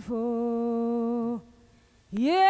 faithful. Yeah.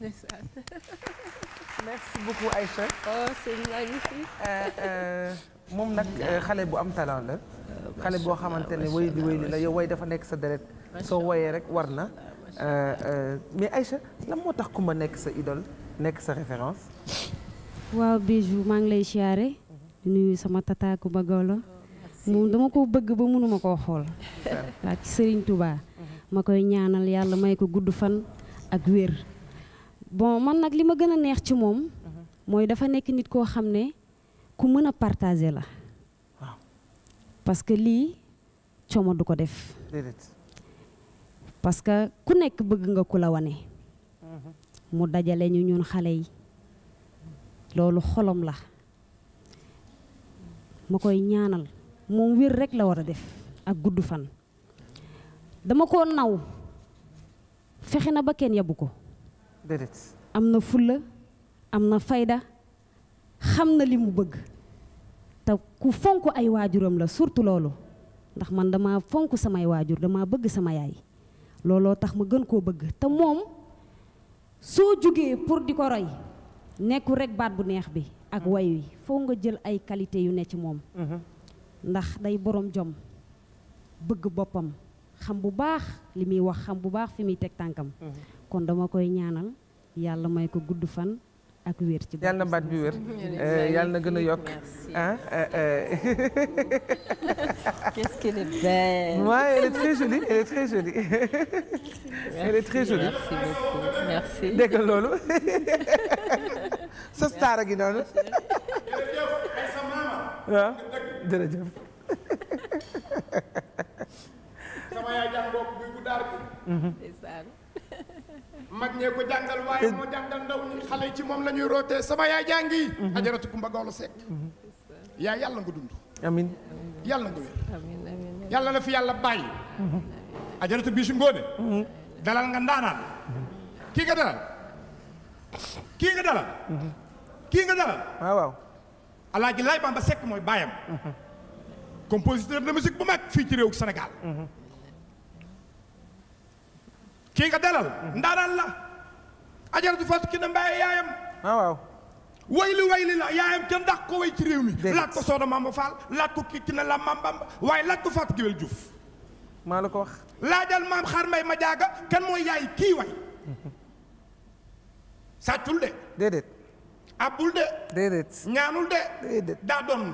merci beaucoup oh, euh, euh, moom nag euh, xale bu am talent la. xale boo xamante ne wéy di la yow way dafa nekk sa deret. soo woyee rek war na. mais Aïcha lan moo tax Coumba nekk sa idole nekk sa référence. waaw Bijou maa ngi lay siyaare. Mm-hmm. di nuyu sama tataaku ba Gawlo moom dama ko bëgg ba mënuma koo xool. waa ci Serigne Touba. Mm-hmm. ma koy ñaanal yàlla may ko gudd fan ak wér. bon man nag li ma gën a neex ci moom mhm. mooy dafa nekk nit koo xam ne ku mën a partager la waaw parce que lii coomo du ko def parce que ku nekk bëgg nga ku la wane mhm. mu dajale ñu ñun xale yi loolu xolom la ma koy ñaanal moom wér rekk la war a def ak gudd fan dama ko naw fexe na ba kenn yabu ko déedéet am na fulla am na fayda xam na li mu bëgg te ku fonk ay waajuram la surtout loolu ndax man dama fonk samay waajur dama bëgg sama yaay looloo tax ma gën koo bëgg te moom soo jógee pour di ko roy nekkul rek baat bu neex bi ak mm-hmm. way wi foo nga jël ay qualité yu ne ci moom mm-hmm. ndax day boroom jom bëgg boppam xam bu baax li muy wax xam bu baax fi muy teg tànkam mm-hmm. kon dama koy ñaanal yàlla may ko gudd fan ak wér ci yàlla na baat bi wér yàlla na gën a yokk ah, ah, ah. quest est très jolie elle est très jolie elle loolu sa star gi noonu waaw mag ñee ko jàngal waaye moo jàngal ndaw ñi xale ci moom la ñuy rootee sama yaay jàngi. Mhm. ajaratu Kumba Gawlo Seck. Mhm. yaa yàlla nga dund. yàlla nga wér. amiin amiin la fi yàlla bàyyi. Mhm. ajaratu Bijou Ngoné. dalal nga ndaanaan. kii nga dalal. kii nga dalal. kii nga dalal. waaw waaw. Bamba Seck mooy baayam. compositeur de musique bu mag fii ci réew Sénégal. kii nga dalal ndaanaan la ajaratu Fatou Kiné Mbaye yaayam ah, wayli wayli la yaayam kenn ndax ko way ci réew mi laaj ko Soda Mamba Fall laaj ko kii Kiné Lam waaye laaj ko la ko wax laajal maam xaar ma jaaga kenn mooy yaay kii way sàccul de déedéet abul de déedéet ñaanul de déedéet daa doon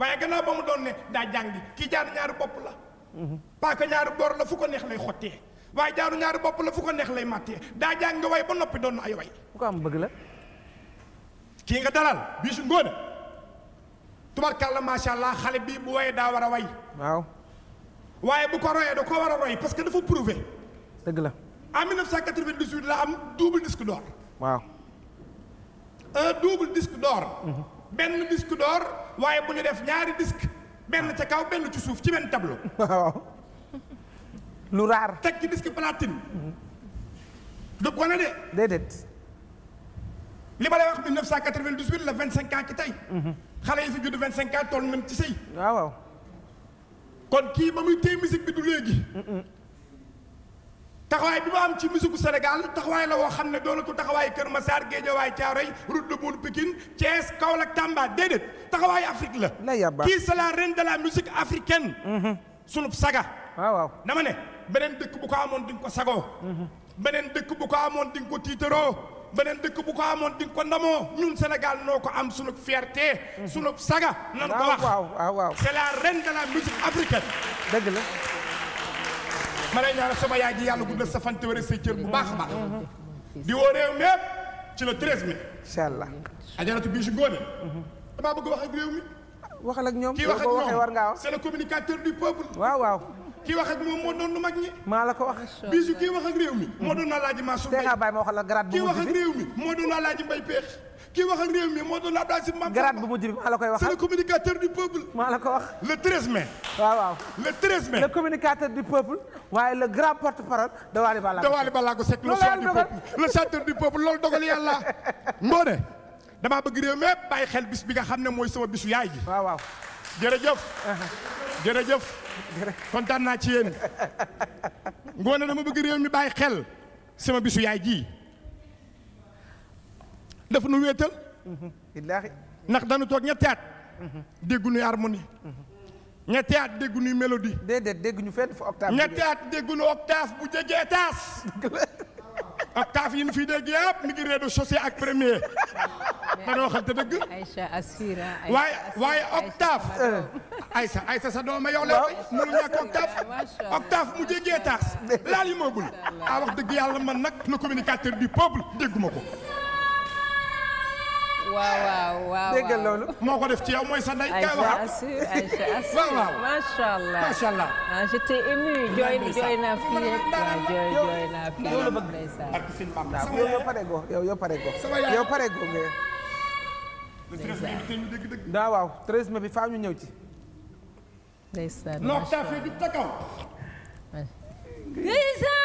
waaye gannaaw ba mu doon ne daa jàngi kii jaar ñaari bopp la mhm. paaka ñaari boor la fu ko neex lay xottee waaye jaaru ñaari bopp la fu ko neex lay màttee daa jàng nga way ba noppi doon na ay way ku ko am bëgg la kii nga dalal bii su ngóone tubarkàlla macha allah xale bii bu wayee daa war a way waaw waaye bu ko royee da ko war a roy parce que dafa prouvé dëgg la en 1998 la am double disque d'or waaw un double disque d'or mhm. benn disque d'or waaye bu ñu def ñaari disque benn ca kaw benn ci suuf ci benn tableau waaw lu raar teg ci disque platine. du ko de. déedéet. li ma lay wax 1998 la 25 ans ci tey. xale yi fi judd 25 kon kii ba muy téye musique bi du léegi. taxawaay bi ma am ci musique Sénégal waay la woo xam ne doona ko taxawaay Kër ma Guédiawaye Thiaroye route de Mbour Pikine Thiès Kaolack Tamba déedéet taxawaay Afrique la. lay yàbba kii c'est la reine de la musique africaine. Mhm. sunub saga. waaw waaw ne. beneen dëkk bu ko amoon di ko sagoo. Mhm. beneen dëkk bu ko amoon di ko tiitaroo. beneen dëkk bu ko amoon di nga ko ndamoo ñun Sénégal noo ko am sunu fierté. Mhm. sunu saga. nan ko ah, wax waaw waaw waaw. c'est la de la musique africaine. dëgg la. ma lay ñaanal sama yaay ji yàlla guddal sa fan te wér say cër bu baax a baax. Mhm. di woo réew mépp ci le treize mai. incha allah. ajaratu bii si góone. damaa bëgg wax ak réew mi. waxal ak ñoom kii wax ak ñoom c'est le communicateur du peuple. ki wax ak moom moo doon lu mag ñi. maa la ko wax. bisu kii wax ak réew mi. moo doon Alaaji Mansour Mbaye. Seydou Baye ma wax la grade bu mujj bi kii wax ak réew mi moo doon Alaaji Mbaye Peex. kii wax ak réew mi moo doon Abdoulaye Sy Mame grade bu mujj bi maa la koy wax. c'est le communicateur du peuple. maa la ko wax. le 13 mai. waaw waaw le 13 mai. le communicateur du peuple. waaye le grand porte-parole. de Waly Ballago Seck de Waly Ballago Seck le chant du peuple le chanteur du peuple loolu dogal yàlla. ngoone damaa bëgg réew mi bàyyi xel bis bi nga xam ne mooy sama bisu yaay ji. waaw waaw jërëjëf. Uh-huh. jërëjëf kontaan naa ci yéen ngoone dama bëgg réew mi bàyyi xel sama bisu yaay ji dafa nu wéetal ndax dañu toog ñetti at dégguñu harmonie ñetti at dégguñu mélodie déedéet dégguñu fenn fu octave ñetti at dégguñu octave bu jegee taas ak taaf yi ñu fiy dégg yëpp mi ngi rez-de-chaussée ak premier. dana waxante dëgg. Aïcha Asfira waaye waaye octave. Aïcha Aïcha sa doom yow la mënu ñàkk octave. octave mu jéggee taas laal yi moobul. Ah, wax dëgg yàlla man nag le communicateur du peuple dégguma ko. waaw waaw waaw dégg nga loolu. moo ko def ci yow mooy sa ndey. kay wax Aïcha Assou waaw waaw macha allah macha allah. ah j'étais ému jooy jooy naa fii rek waaw jooy jooy naa fii rek. ak suñu maam daal yow pare go yow pare go yow pare go nga. ndeysaan waaw treize mai bi faa ñu ñëw ci. ndeysaan macha allah di ca kaw. ndeysaan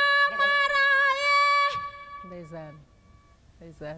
ndeysaan ndeysaan.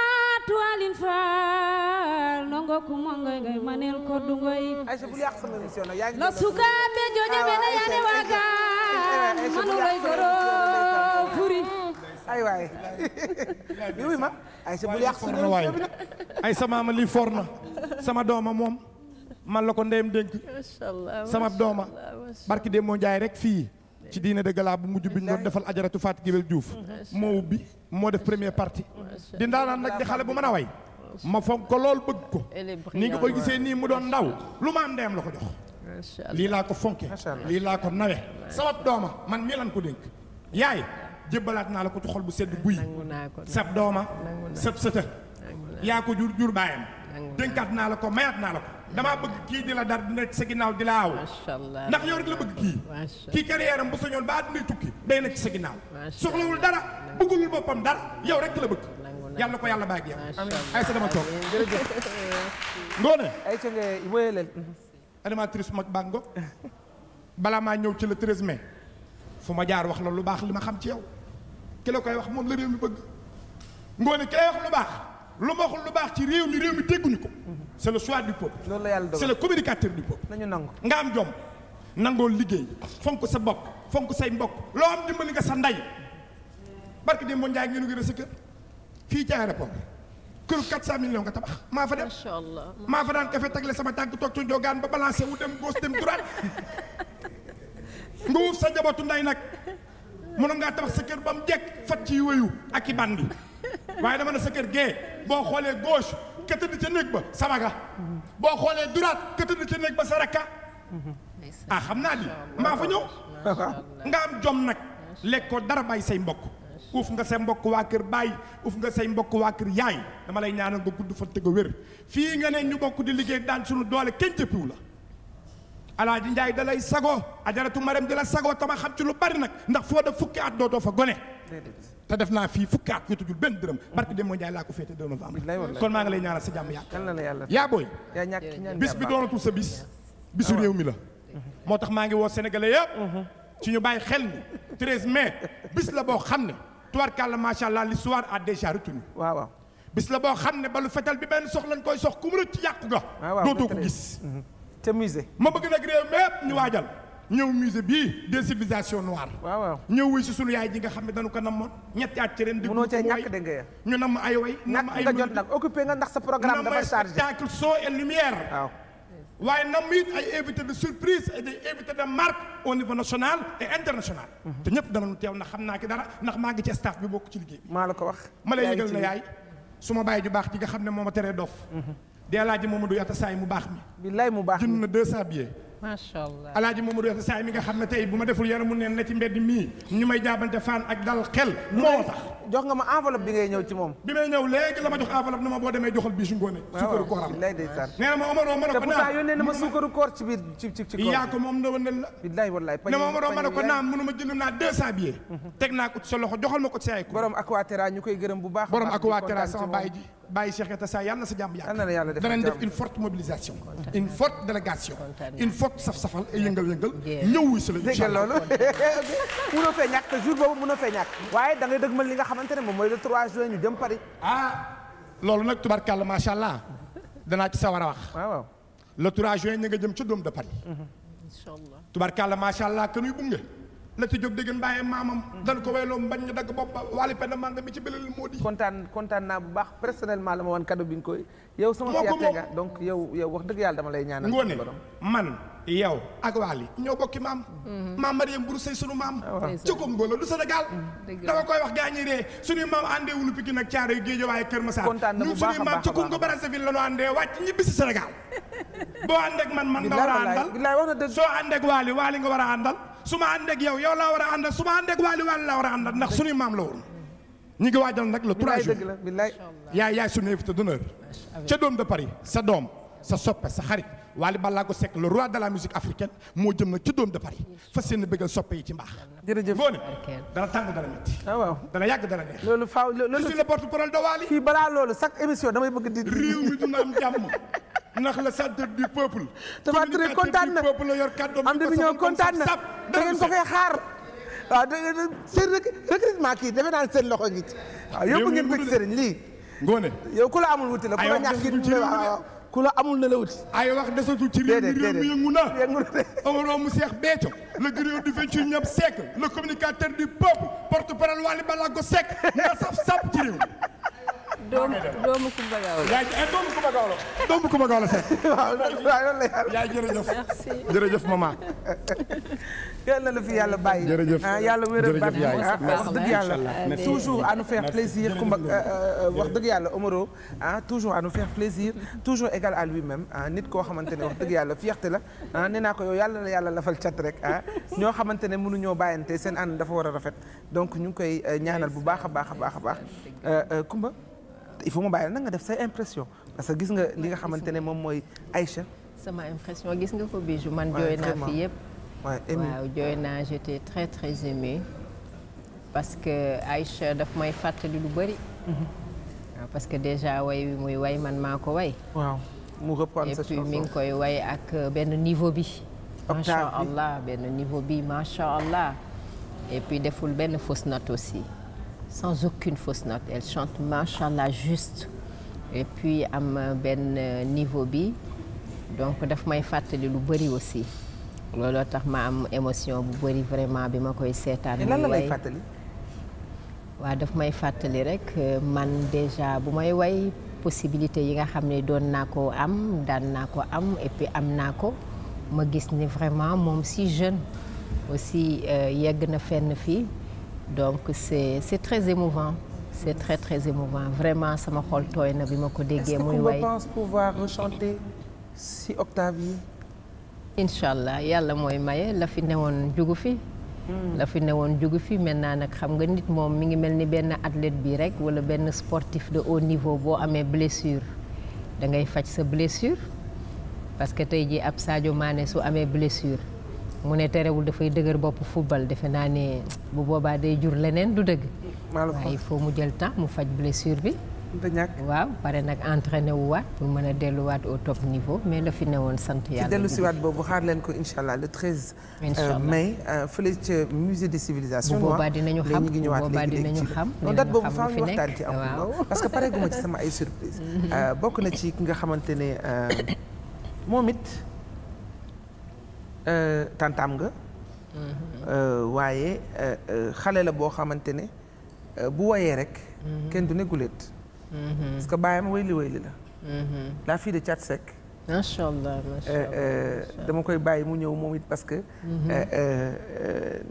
tuwaalin faal nongo ku mongoy ngay maneel ko dungoy la sukaaɓe jooje mene yaane waagaan manuloy goro furi ay waay ay sa bul yàq suñu na sama dooma moom man ko ndeyam dénk sama dooma barki de moo njaay rek fii ci diine de gala bu mujj bi ñu doon defal ajaratu Fatou Guewel Diouf moo ubbi moo def première partie di ndaanaan nag di xale bu man a way ma fonk ko lool bëgg ko ni nga ko gisee nii mu doon ndaw lu ma am ndeyam la ko jox lii laa ko fonke lii laa ko nawe sabab dooma man mii lan ko dénk yaay jébbalaat naa la ko ci xol bu sedd guy sab dooma sab sëta yaa ko jur jur baayam dénkaat naa la ko mayaat naa la ko damaa bëgg kii di la dar dina ci sa ginnaaw di la aw ndax yow rek la bëgg kii kii carrière am bu sañoon ba àdduna tukki day na ci sa ginnaaw soxlawul dara bëggulul boppam dara yow rek la bëgg yàlla ko yàlla bàyyi ak yow ay sa dama toog ngoone ay sa nga wéyaleel animatrice mag bàngo balaa maa ñëw ci le 13 mai fu ma jaar wax la lu baax li ma xam ci yow ki la koy wax moom la réew mi bëgg ngoone ki lay wax lu baax lu ma waxul lu baax ci réew mi réew mi ko mhm. c' est le choix du peuple. loolu la yàlla dogal c' est le communicateur du peuple. nañu nga am jom. nangoo liggéey fonk sa bokk fonk say mbokk loo am dimbali nga sa nday barke Demba Ndiaye ngeen ngi sa kër fii ci aéroport këru 400 millions nga tabax maa fa dem. macha allah maa fa daan kafe tegle sama tànk toog ci njogaan ba balancé wu dem gauche dem droite nga wuuf sa njabootu nday nag mënoon ngaa tabax sa kër ba mu jekk fat ci wéyu ak i bandi waaye dama ne sa kër gee boo xoolee gauche. ka tëdd ca néeg ba samaga boo xoolee duraat ka tëdd ca néeg ba saraka ah xam naa li maa fa ñëw nga am jom nag lekkoo dara bàyyi say mbokk uuf nga say mbokk waa kër bàyyi uuf nga say mbokk waa kër yaay dama lay ñaanal nga gudd fan te nga wér fii nga ne ñu bokk di liggéey daan suñu doole kenn jëppiwu la alaaji njaay da lay sagoo ma maram di la sagoo tama xam ci lu bari nag ndax foo da fukki at doo fa gone te def naa fii fukkaat ñu tujul benn dërëm barke Demba Ndiaye laa ko féete 2 novembre kon maa ngi lay ñaanal sa jàmm yàgg yaa booy bis bi doonatul sa bis bisu réew mi la moo tax maa ngi woo sénégalais yëpp mhm. ci ñu bàyyi xel ni 13 mai bis la boo xam ne tubaarkàlla macha allah l'histoire a déjà retenu waaw bis la boo xam ne balu fetal bi benn sox lañ koy sox ku mu rëcc yàqu nga dootoo ko gis mhm. ma bëgg nag réew mi yëpp ñu waajal ñëw musée bii des civilisations noires. waaw waaw ñëw wuy si sunu yaay ji nga xam ne dañu ko namoon ñetti at ci ren. di munoo cee ñàkk dégg nga ñu nam ay way. nam ay nga jot nag occupé nga ndax sa programme dafa chargé spectacle son et lumière. waaw waaye nam it ay invités de surprise et des invités de marque au niveau national et international. Mhm. te ñëpp danañu teew ndax xam naa ki dara ndax maa ngi ci staff bi bokk ci liggéey bi. maa la ko wax ma lay yëgal na yaay su ma bàyyi ju baax ji nga xam ne moo ma teree dof. Mhm. di alaaji Mamadou Yatassay mu baax mi. billaay mu baax mi jënd na 200 billets macha allah alaaji Mamadou Yassine deful yaramu neen na ci mbedd mii ñu may jaabante fan ak jox nga ma enveloppe bi ngay ñëw ci moom bi may ñëw léegi la ma jox enveloppe na ma boo demee joxal bi su ngoone suukaru kooram lay ndeysaan nee na ma ma ne koor ci biir moom na wëndal wallahi ne ma ma ne mhm. ko naam mënu ma ma ko ci sa ay ko borom Aquatera ñu koy gërëm bu na sa jàmm yàgg danañ def une mobilisation une forte délégation toog saf-safal ay yëngal-yëngal ñëw wuy si la dégg loolu munoo fee ñàkk jour boobu munoo fee ñàkk waaye da ngay dëgmal li nga xamante ne moom mooy le 3 juin ñu jëm Paris ah loolu nag tubarkàlla macha allah danaa ci sawar a wax waaw le 3 juin ñu nga jëm ca Dôme de Paris mhm. incha allah tubarkàlla macha allah kanuy bunge la ci jóg dégg mbaaye maamam mhm. dañ ko weyloom bañ ñu dagg bopp waali penn manga mi ci belal moo di kontaan kontaan naa bu baax personnellement la ma wan cadeau bi nga koy yow sama fierté nga donc yow yow wax dëgg yàlla dama lay ñaanal ngoone man yow ak Waly ñoo bokki maam. Mhm. maam Mariam Buru sëy sunu maam. ci ko Ngolo du Sénégal. Mhm, dafa koy wax gaañi ree suñuy maam àndee wulu Pikine ak Thiaroye Guédiawaye Kër Massar. kontaan na bu baax a baax suñuy maam ci Congo Brazzaville la ñu àndee wàcc ñibbi si Sénégal. boo àndeeg man man nga war a àndal soo àndeeg Waly Waly nga war a àndal. su ma àndeeg yow yow laa war a àndal su ma àndeeg Waly Waly laa war a àndal ndax suñuy maam la woon. ñu ngi waajal nag le 3 juin yaay yaay suñu invité d'honneur ca de Paris sa doom sa soppe sa xarit Wally Ballago Seck le roi de la musique africaine moo jëm nag ci Dôme de Paris fas yéene bëggal soppe yi ci mbaax. jërëjëf ngoone dana tàng dana métti. ah waaw dana yàgg dana neex. loolu faaw loolu je de Wally. fii balaa loolu chaque émission damay bëgg di. réew mi dina am jàmm. da da seen recrutement kii defe naa seen loxo ngi ci. Ah, waaw yóbbu ngeen ko lii. ngoone yow ku la amul wuti la la ñàkk it waaw ku la amul na la wuti. ay wax desatul ci réew mi réew mi yëngu na Omaro mu Seex Béthio le griot du vingt-et-unième siècle le communicateur du peuple porte-parole Wally Ballago Seck nga saf sap ci réew doomu doomu Kumba Gawlo. yaay eh, doomu Kumba Gawlo. doomu Kumba Gawlo sax. waaw loolu la yàlla. yaay jërëjëf. merci jërëjëf maman. yal na la fi yàlla bàyyi. jërëjëf ah, yàlla wéeral bàyyi jërëjëf yaay. Ah, wax dëgg yàlla toujours à nous faire plaisir. Kumba euh, euh, euh, wax dëgg yàlla Omaro ah toujours à nous faire plaisir. toujours égal à lui-même ah nit koo xamante ne wax dëgg yàlla fierté la ah nee naa ko yow yàlla na yàlla lafal cat rek ah ñoo xamante ne mënuñoo bàyyante seen ànd dafa war a rafet donc ñu ngi koy ñaanal bu baax a baax a baax a baax Kumba il faut ba bàyyi nag nga def say impression parce que gis nga li nga xamante ne moom mooy Aïcha. sama impression gis nga ko Bijou man jooy naa fi yëpp. waaw jooy naa j'étais très très émue parce que Aïcha daf may fàttali lu bëri. Mhm. waaw parce que déjà way wi muy way man maa ko way. waaw mu ngi koy way ak euh, benn niveau bi. macha allah benn niveau bi macha allah. et puis deful benn fausse note aussi. sans aucune fausse note elle chante macha allah juste et puis am benn euh, niveau bi donc daf may fàttali lu bëri aussi looloo tax ma am émotion bu bëri vraiment bi ma koy seetaan. lan la lay fàttali. waaw daf may fàttali rek euh, man déjà bu may way possibilité yi nga xam ne doon naa ko am daan naa ko am et puis am naa ko ma gis ni vraiment moom si jeune aussi euh, yegg na fenn fii. donc c'est c'est très émouvant c'est très très émouvant vraiment sama xol tooy na bi ma ko déggee. muy waay est-ce qu'on si octave incha allah yàlla mooy maye la fi newoon jugu fi. Hmm. la fi newoon jugu fi maintenant nag xam nga nit moom mi ngi mel ni benn athlète bi rek wala benn sportif de haut niveau boo amee blessure da ngay faj sa blessure parce que tey jii ab Sadio maane su amee blessure. mu ne terewul dafay dëgër bopp football defe naa ne bu boobaa day jur leneen du dëgg. waaye il faut mu jël temps mu faj blessure bi. waaw pare nag entre wu waat pour mën a delluwaat au top niveau mais la fi ne woon sant yàlla. ci dellusiwaat boobu xaar leen ko incha allah le 13. Euh, incha allah mai euh, fële ca musée des civilisations. bu boobaa ah. dinañu xam bu boobaa dinañu xam. non date boobu faaw ñu waxtaan ci waaw parce que pare guma ci sama ay surprise euh, bokk na ci ki nga xamante ne moom it. Euh, tantaam nga. Mm-hmm. Euh, waaye euh, xale la boo xamante ne bu woyee rek. Mm-hmm. kenn du ne guléet. Mm-hmm. parce que baayam wayli wayli la. la fille de Thiat Seck. dama koy bàyyi mu ñëw moom it parce que.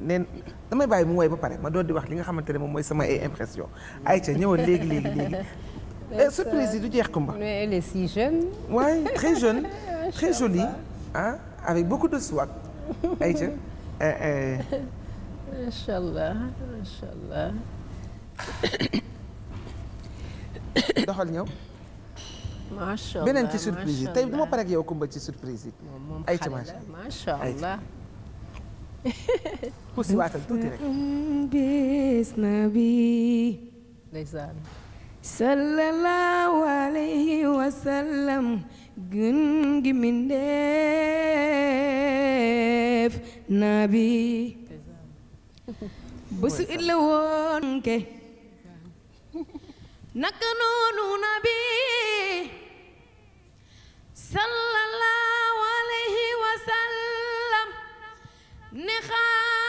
neen damay bàyyi mu woy ba pare ma doon di wax li nga xamante ne moom mooy sama ay impression. ayca ñëwal léegi léegi léegi. surprise yi du jeex kumba. waaye très jeune. très jolie avec beaucoup de swag. ayca. macha euh, euh. allah macha allah. doxal ñëw. macha allah beneen ci surprise yi tey du ma pare ak yow Kumba ci surprise yi. moom moom macha allah. pusi waatal tuuti rek. bis mm, nabi. ndeysaan. sallallahu alayhi wa sallam. gën gi mindeef nabi bésu it la woon ke naka noonu nabi sallallahu alayhi wa sallam ne xaa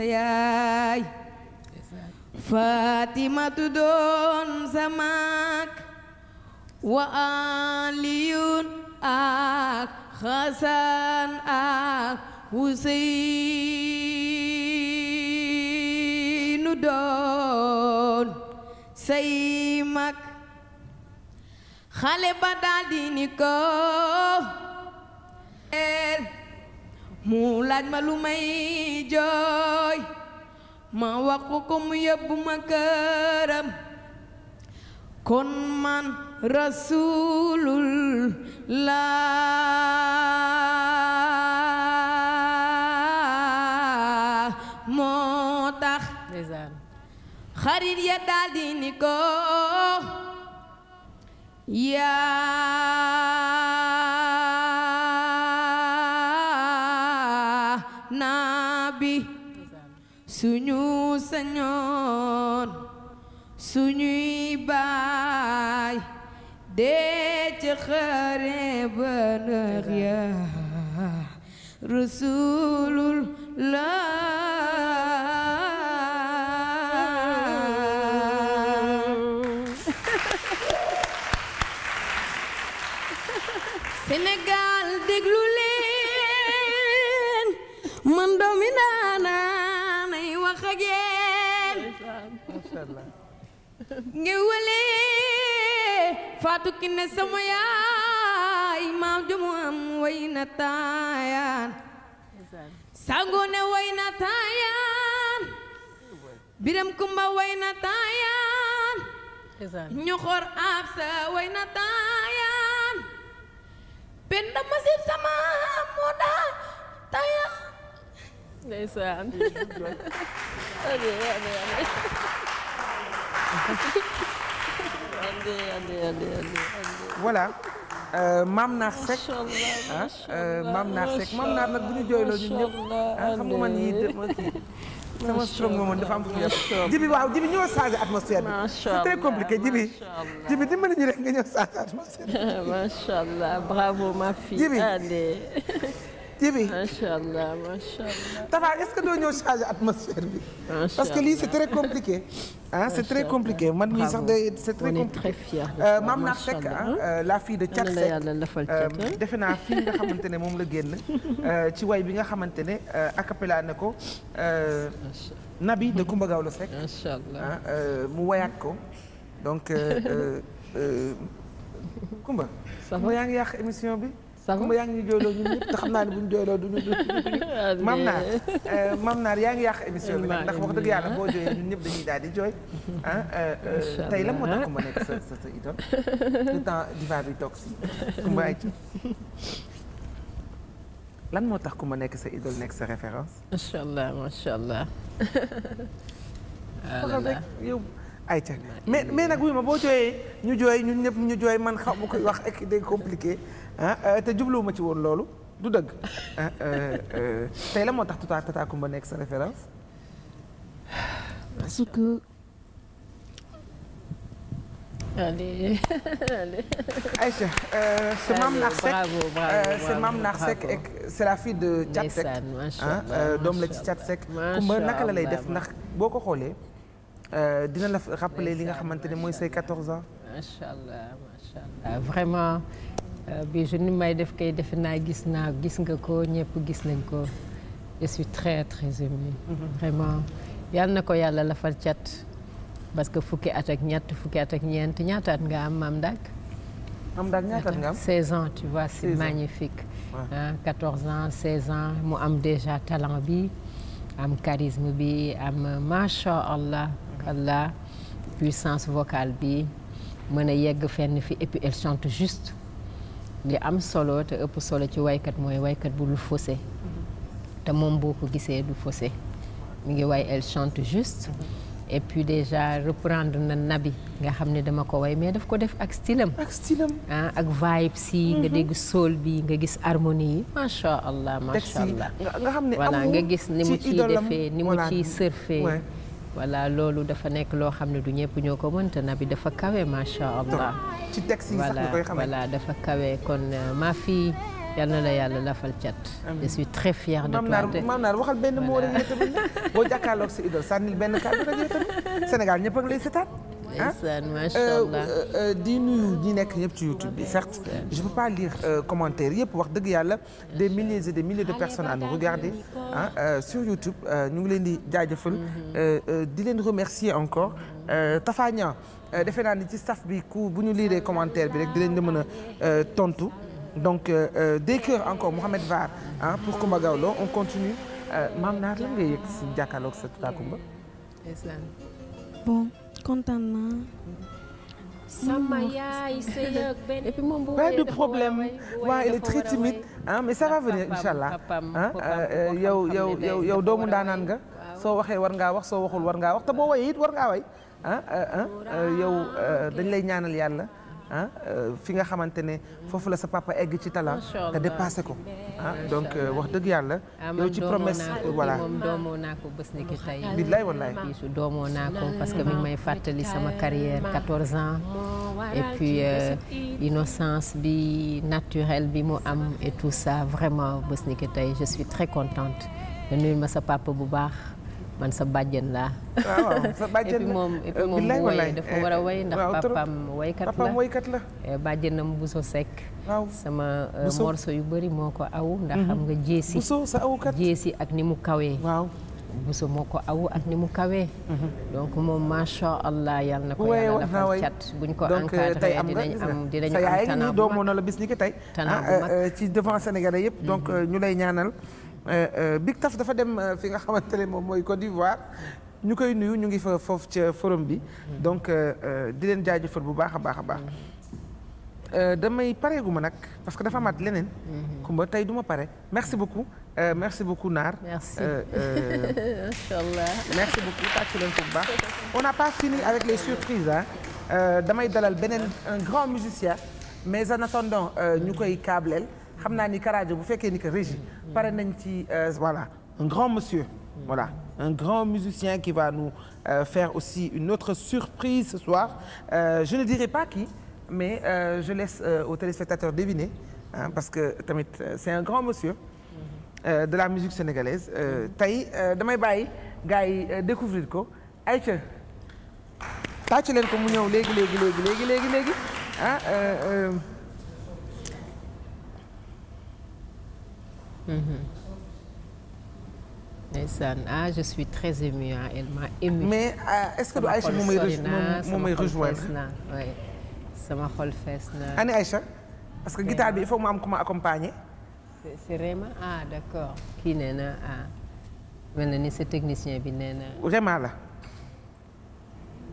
sa yaay Fatimatu doon sa maak wa Aliyun ak Xasan ak Huseynu doon say mag xale ba daldi ni ko eh, mu laaj ma lu may jooy ma wax ko mu yóbbu ma këram kon man rasulullah moo tax xarit ya daldi ni ko yaa sañoon suñuy baay dee ci xare ba nëx ya Rasulullah Sénégal déglu man doomi nay wax ak ngéwélee faatu kinne sama yaay maam am way taayaan sangoone way taayaan biram kumba way na taayaan ñoxor absa way na taayaan penda masib sama moo daa taayaan ndeysaan voilà. maam naax sek maam naax sek nag bu ñu jooyloo ñun ñëpp xam nga man yii sama strong fi jibi waaw jibi ñëw changé atmosphère bi c'est très compliqué jibi jibi dimbali ñu rek nga ñëw changé atmosphère bi macha allah ma fille jibi macha allah macha allah. Tafa est-ce que doo ñëw changer atmosphère bi. parce que lii c'est très compliqué. ah c'est très compliqué man mii sax day c'est très compliqué. maam naa fekk ah la fille de Thiat Seck euh, defe naa fii nga xamante ne moom la génn euh, ci way bi nga xamante ne euh, acapella na ko nabi de Coumba Gawlo Seck. macha allah mu wayaat ko donc Coumba. ça va yaa ngi yàq émission bi. sama yaa ngi ñu jooyloo ñun ñëpp te xam naa ne bu ñu jooyloo du ñu. mam naar euh, mam naar yaa ngi yàq émission bi nag ndax wax dëgg yàlla boo jooyee ñun ñëpp dañuy daal di jooy. ah euh, euh, la moo tax ku ma nekk sa sa sa idole moo tax ku ma nekk sa idole nekk sa référence. macha allah macha allah. ayca mais mais nag wuy ma boo jooyee ñu jooy ñun ñëpp ñu jooy man xaw ma koy wax ak day compliqué ah euh, te jubluwuma ci woon loolu du dëgg ah, euh, euh, tey la moo tax Tata Tata Coumba nekk sa référence. parce que. allez allez. Aïcha c'est Mame Nar Seck c'est Mame Nar Seck de Thiat Seck. doom la ci Thiat Seck. Coumba naka la lay def nax boo ko xoolee. Euh, dina la rappeler li nga xamante ne mooy say 14 ans. macha allah macha allah vraiment euh, bi je ni may def kay defe naa gis naa gis nga ko ñëpp gis nañ ko je suis très mhm. yal na ko yàlla lafal cat parce que fukki at ak ñett fukki at ak ñeent ñaata at nga am maam Ndak. maam Ndak ñaata nga am 16 ans tu vois c'est ans 16 ans mu am déjà talent bi am charisme bi am macha allah. allah puissance vocale bi mën a yegg fenn fi et puis elle chante juste li am solo te ëpp solo ci waykat mooy waykat bu lu faussé mm-hmm. te moom boo ko gisee du faussé mu ngi way elle chante juste mm-hmm. et puis déjà reprendre na nabi nga xam ne dama ko way mais daf ko def ak stylam ak stylam ah ak vibe si nga mm-hmm. dégg sol bi nga gis harmonie yi macha allah macha allah nga xam ne voilà nga gis ni mu ni mu ciy surfee voilà loolu dafa nekk loo xam ne du ñëpp ñoo ko mënta na bi dafa kawe macha allah. ci texte dafa kawe kon euh, ma fille yal na la yàlla lafal cat. je suis très de toi. maam naar waxal benn moo rek yow tamit boo jàkkaarloog sa idole sànnil benn kàddu rek yow tamit Sénégal ñëpp a ngi lay ah di nu ñi nekk ñëpp ci YouTube bi certes je peux pas commentaire yëpp wax dëgg yàlla des milliers et des milliers de personnes à nous regarder ah sur YouTube ñu ngi leen di jaajëfal mhm. di leen remercier encore Tafa Niang defe naa ni ci staff bi ku bu ñu liiree commentaire bi rek di la mën a tontu donc des cœurs encore Mouhamed Var ah pour Coumba Gawlo on continue maam naar la ngay yëg si jàkkaarloog sa Kumba kontaan naa. sama yaay sëy ak mm. benn. et problème waaw il est très timide ah mais ça va euh, yow yow yow yow doomu ndaanaan nga. soo waxee war ngaa wax soo waxul war ngaa wax te boo woyee it war way euh, euh, ah dañ lay ñaanal yàlla. ah fi nga xamante ne foofu la sa papa egg ci talaa te dépassé ko donc euh, wax dëgg yàlla ah, yow ci promesse euh, voilà doomoo naa ko bës ni ki tey billaay wallaay parce que mi may fàttali sama carrière 14 ans et puis innocence bi naturelle bi mu am et tout ça vraiment bés ni ki tey je suis très contente nuyul ma sa papa bu baax man sa bàjjen laa. waaw sa bàjjen la et puis moom mu way dafa war a way ndax papaam waykat la papaam waykat la. Eh, bàjjenam Bousso Seck. waaw sama euh, morceau yu bëri moo ko aw. ndax mhm. xam nga jéesi. Bousso sa awkat jéesi ak ni mu kawee. waaw. Bousso moo ko aw ak ni mu kawee. Mhm. donc moom macha allah yal na ko yàlla dafa cat. buñ ko encadré dinañ am dinañ am. tanaa bu ah, euh, mag ci devant Sénégalais yëpp. donc mhm. euh, ñu lay ñaanal. Euh, euh, Big Taf dafa dem euh, fi nga xamante ne moom mooy Côte d'Ivoire ñu koy nuyu ñu ngi fa foofu ca forum bi. donc di leen jaajëfal bu baax a baax a baax. damay pareegu ma nag parce que dafa mat leneen. Mhm. Kumba tey du ma pare merci beaucoup. Euh, merci beaucoup Naar. merci euh, euh, inchallah. merci beaucoup tàcc leen ko bu baax. on n'a pas fini avec les surprises ah. damay dalal beneen un grand musicien mais en attendant ñu koy kaableel. xam naa ni Karajo bu fekkee ni que régie pare nañ ci euh, voilà un grand voilà un grand musicien qui va nous euh, faire aussi une autre surprise ce soir euh, je ne dirai pas qui mais euh, je laisse euh, aux téléspectateurs deviner parce que tamit c'est un grand monsieur de la musique sénégalaise tey damay bàyyi gars yi découvrir ko ayca tàcc leen ko mu ñëw léegi léegi léegi léegi léegi Mm-hmm. ndeysaan ah je suis très émue ah elle m'a émue. mais euh, est-ce que du Aïcha moom mooy rejoindre sama xol fees na ani Aïcha parce que guitare bi il faut mu am ku ma accompagner. c'est Réma ah d'accord. kii nee na ah mel na ni sa technicien bi nee na. Réma la.